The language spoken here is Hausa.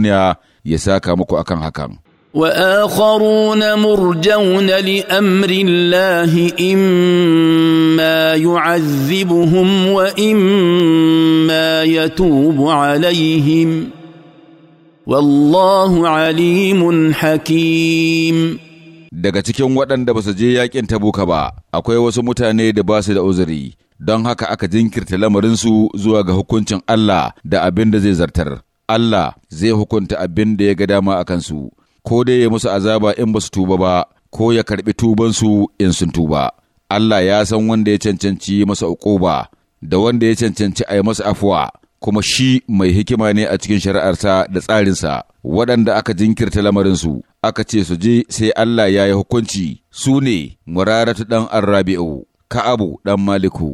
duniya ya saka muku akan hakan. وآخرون مرجون لأمر الله إما يعذبهم وإما يتوب عليهم والله عليم حكيم daga cikin waɗanda ba su je yaƙin tabuka ba akwai wasu mutane da ba su da uzuri don haka aka jinkirta lamarinsu zuwa ga hukuncin Allah da abin da zai zartar Allah zai hukunta abin da ya ga dama a kansu, ko dai ya musu azaba in ba su tuba ba, ko ya karɓi tubansu in sun tuba. Allah ya san wanda ya cancanci masa uquba da wanda ya cancanci a yi masa afuwa, kuma shi mai hikima ne a cikin shari'arsa da tsarinsa, waɗanda aka jinkirta lamarinsu, aka ce su je sai Allah ya yi hukunci, su ne Muraratu ɗan Arrabi'u, Ka'abu ɗan Maliku.